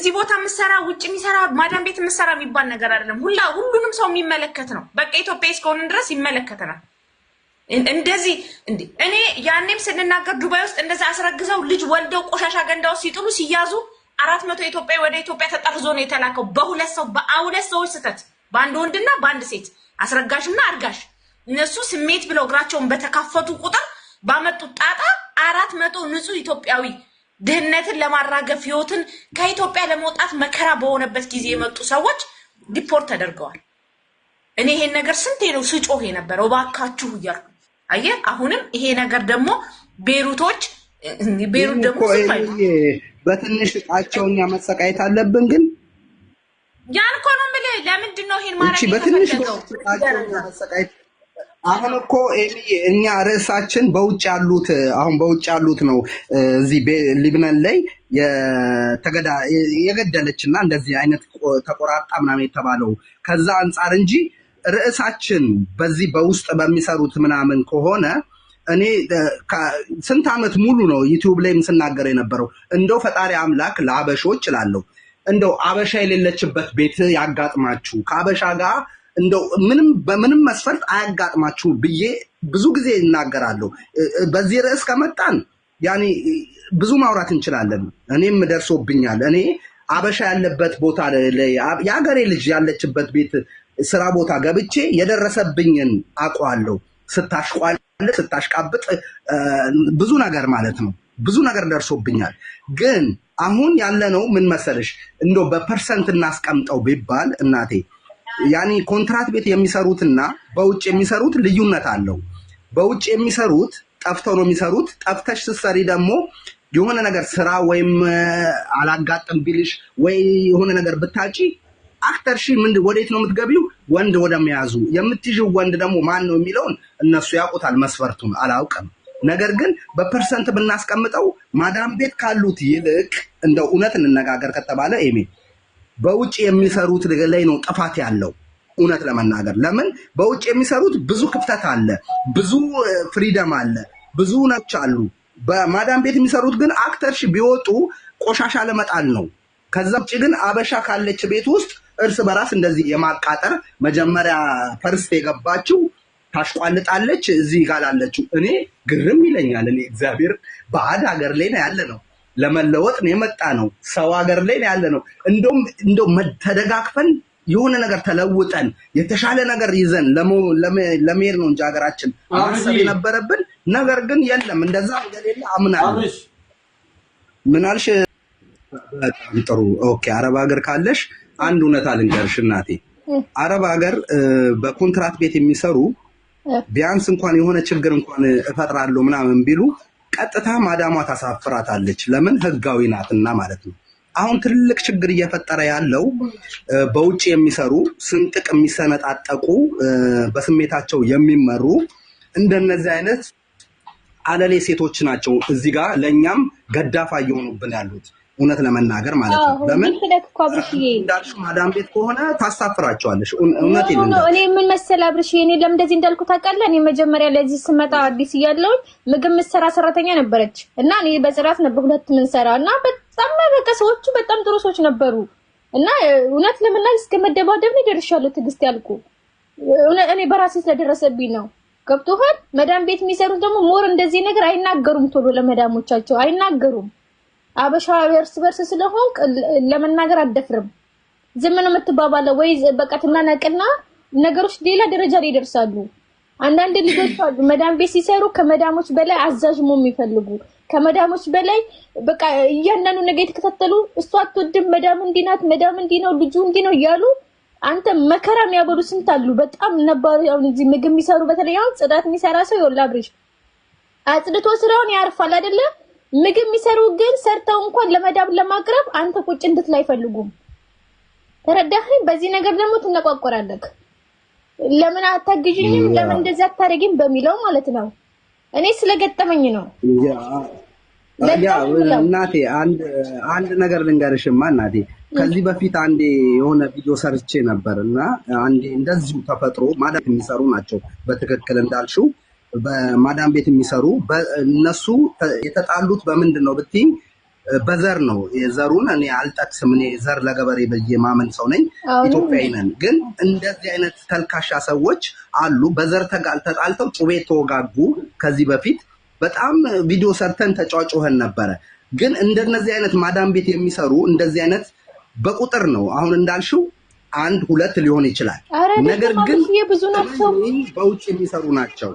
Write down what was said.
እዚህ ቦታ የምሰራ ውጭ የሚሰራ ማዳም ቤት የምሰራ የሚባል ነገር አይደለም። ሁላ ሁሉንም ሰው የሚመለከት ነው። በቃ ኢትዮጵያ እስከሆንን ድረስ ይመለከተናል። እንደዚህ እኔ ያኔም ስንናገር ዱባይ ውስጥ እንደዚህ አስረግዘው ልጅ ወልደው ቆሻሻ ገንዳ ውስጥ ሲጥሉ ሲያዙ አራት መቶ ኢትዮጵያ ወደ ኢትዮጵያ ተጠርዞ ነው የተላከው። በሁለት ሰው በሁለት ሰዎች ስህተት፣ በአንድ ወንድና በአንድ ሴት አስረጋሽና አርጋሽ። እነሱ ስሜት ብለው እግራቸውን በተካፈቱ ቁጥር ባመጡት ጣጣ አራት መቶ ንጹህ ኢትዮጵያዊ ድህነትን ለማራገፍ ህይወትን ከኢትዮጵያ ለመውጣት መከራ በሆነበት ጊዜ የመጡ ሰዎች ዲፖርት ተደርገዋል። እኔ ይሄን ነገር ስንቴ ነው ስጮህ የነበረው እባካችሁ እያልኩ አየ። አሁንም ይሄ ነገር ደግሞ ቤሩቶች ቤሩት ደግሞ በትንሽ እቃቸውን መሰቃየት አለብን። ግን ያልኮኑ እኮ ነው የምልህ። ለምንድን ነው ይሄን ማድረግ በትንሽ እቃቸውን መሰቃየት አሁን እኮ እኛ ርዕሳችን በውጭ ያሉት አሁን በውጭ ያሉት ነው። እዚህ ሊብነን ላይ የገደለች እና እንደዚህ አይነት ተቆራጣ ምናምን የተባለው ከዛ አንጻር እንጂ ርዕሳችን በዚህ በውስጥ በሚሰሩት ምናምን ከሆነ እኔ ስንት ዓመት ሙሉ ነው ዩቲዩብ ላይም ስናገር የነበረው እንደው ፈጣሪ አምላክ ለአበሾች እላለሁ እንደው አበሻ የሌለችበት ቤት ያጋጥማችሁ ከአበሻ ጋር እንደው ምንም በምንም መስፈርት አያጋጥማችሁ ብዬ ብዙ ጊዜ እናገራለሁ። በዚህ ርዕስ ከመጣን ያኔ ብዙ ማውራት እንችላለን። እኔም ደርሶብኛል። እኔ አበሻ ያለበት ቦታ የሀገሬ ልጅ ያለችበት ቤት ስራ ቦታ ገብቼ የደረሰብኝን አውቀዋለሁ። ስታሽቋል፣ ስታሽቃብጥ ብዙ ነገር ማለት ነው። ብዙ ነገር ደርሶብኛል። ግን አሁን ያለነው ምን መሰለሽ፣ እንደው በፐርሰንት እናስቀምጠው ቢባል እናቴ ያኔ ኮንትራት ቤት የሚሰሩትና በውጭ የሚሰሩት ልዩነት አለው። በውጭ የሚሰሩት ጠፍተው ነው የሚሰሩት። ጠፍተሽ ስትሰሪ ደግሞ የሆነ ነገር ስራ ወይም አላጋጥም ቢልሽ ወይ የሆነ ነገር ብታጪ አክተርሺ ምንድ ወዴት ነው የምትገቢው? ወንድ ወደመያዙ የምትይዥው ወንድ ደግሞ ማን ነው የሚለውን እነሱ ያውቁታል። መስፈርቱን አላውቅም። ነገር ግን በፐርሰንት ብናስቀምጠው ማዳም ቤት ካሉት ይልቅ እንደው እውነት እንነጋገር ከተባለ ኤሜ በውጭ የሚሰሩት ላይ ነው ጥፋት ያለው። እውነት ለመናገር ለምን በውጭ የሚሰሩት ብዙ ክፍተት አለ፣ ብዙ ፍሪደም አለ፣ ብዙ ነች አሉ። በማዳም ቤት የሚሰሩት ግን አክተርሽ ቢወጡ ቆሻሻ ለመጣል ነው። ከዛ ውጭ ግን አበሻ ካለች ቤት ውስጥ እርስ በራስ እንደዚህ የማቃጠር መጀመሪያ ፐርስ የገባችው ታሽቋልጣለች። እዚህ ጋር ላለችው እኔ ግርም ይለኛል። እኔ እግዚአብሔር ባዕድ ሀገር ላይ ነው ያለ ነው ለመለወጥ ነው የመጣ ነው። ሰው ሀገር ላይ ነው ያለ ነው። እንደውም ተደጋግፈን የሆነ ነገር ተለውጠን የተሻለ ነገር ይዘን ለመሄድ ነው እንጂ ሀገራችን ማሰብ የነበረብን ነገር ግን የለም። እንደዛ እንደሌለ አምናለሁ። ምን አልሽ? በጣም ጥሩ ኦኬ። አረብ ሀገር ካለሽ አንድ እውነት አልንገርሽ እናቴ፣ አረብ ሀገር በኮንትራት ቤት የሚሰሩ ቢያንስ እንኳን የሆነ ችግር እንኳን እፈጥራለሁ ምናምን ቢሉ ቀጥታ ማዳሟ ታሳፍራታለች። ለምን ህጋዊ ናትና ማለት ነው። አሁን ትልቅ ችግር እየፈጠረ ያለው በውጭ የሚሰሩ ስንጥቅ የሚሰነጣጠቁ በስሜታቸው የሚመሩ እንደነዚህ አይነት አለሌ ሴቶች ናቸው። እዚህ ጋር ለእኛም ገዳፋ እየሆኑብን ያሉት እውነት ለመናገር ማለት ነው። ለምን እንዳልሽው ማዳም ቤት ከሆነ ታሳፍራቸዋለሽ። እውነት ይል እኔ ምን መሰል አብርሽ፣ እኔ ለምን እንደዚህ እንዳልኩ ታውቃለህ? እኔ መጀመሪያ ለዚህ ስመጣ አዲስ እያለሁኝ ምግብ ምሰራ ሰራተኛ ነበረች እና እኔ በጽራት ነበር ሁለት ምንሰራ እና በጣም በቃ ሰዎቹ በጣም ጥሩ ሰዎች ነበሩ እና እውነት ለመናገር እስከ መደባደብ ነው ደርሻለሁ። ትዕግስት ያልኩ እኔ በራሴ ስለደረሰብኝ ነው። ገብቶሃል? መዳም ቤት የሚሰሩት ደግሞ ሞር እንደዚህ ነገር አይናገሩም። ቶሎ ለመዳሞቻቸው አይናገሩም። አበሻ እርስ በርስ ስለሆንክ ለመናገር አትደፍርም። ዝም ነው የምትባባለው ወይ በቃ ትናነቅና ነገሮች ሌላ ደረጃ ላይ ይደርሳሉ። አንዳንድ ልጆች አሉ መዳም ቤት ሲሰሩ ከመዳሞች በላይ አዛዥ መሆን የሚፈልጉ ከመዳሞች በላይ በቃ እያንዳንዱ ነገር የተከታተሉ እሷ አትወድም፣ መዳም እንዲናት መዳም እንዲነው ልጁ እንዲነው ነው እያሉ አንተ መከራ የሚያበሉ ስንት አሉ። በጣም ነባሩ አሁን እዚህ ምግብ የሚሰሩ በተለይ አሁን ጽዳት የሚሰራ ሰው ይወላብሪሽ አጽድቶ ስራውን ያርፋል አይደለ ምግብ የሚሰሩ ግን ሰርተው እንኳን ለመዳብ ለማቅረብ አንተ ቁጭ እንድትል አይፈልጉም። ተረዳኸኝ? በዚህ ነገር ደግሞ ትነቋቆራለህ። ለምን አታግዥኝም? ለምን እንደዚህ አታደርጊም? በሚለው ማለት ነው። እኔ ስለገጠመኝ ነው። እናቴ አንድ ነገር ልንገርሽማ እናቴ ከዚህ በፊት አንዴ የሆነ ቪዲዮ ሰርቼ ነበር እና አንዴ እንደዚሁ ተፈጥሮ ማለት የሚሰሩ ናቸው በትክክል እንዳልሽው በማዳም ቤት የሚሰሩ እነሱ የተጣሉት በምንድን ነው ብትይኝ፣ በዘር ነው። የዘሩን እኔ አልጠቅስም። እኔ ዘር ለገበሬ ብዬ ማመን ሰው ነኝ። ኢትዮጵያዊ ነን። ግን እንደዚህ አይነት ተልካሻ ሰዎች አሉ። በዘር ተጣልተው ጩቤ ተወጋጉ። ከዚህ በፊት በጣም ቪዲዮ ሰርተን ተጫጩኸን ነበረ። ግን እንደነዚህ አይነት ማዳም ቤት የሚሰሩ እንደዚህ አይነት በቁጥር ነው አሁን እንዳልሽው አንድ ሁለት ሊሆን ይችላል። ነገር ግን ብዙ ናቸው፣ በውጭ የሚሰሩ ናቸው።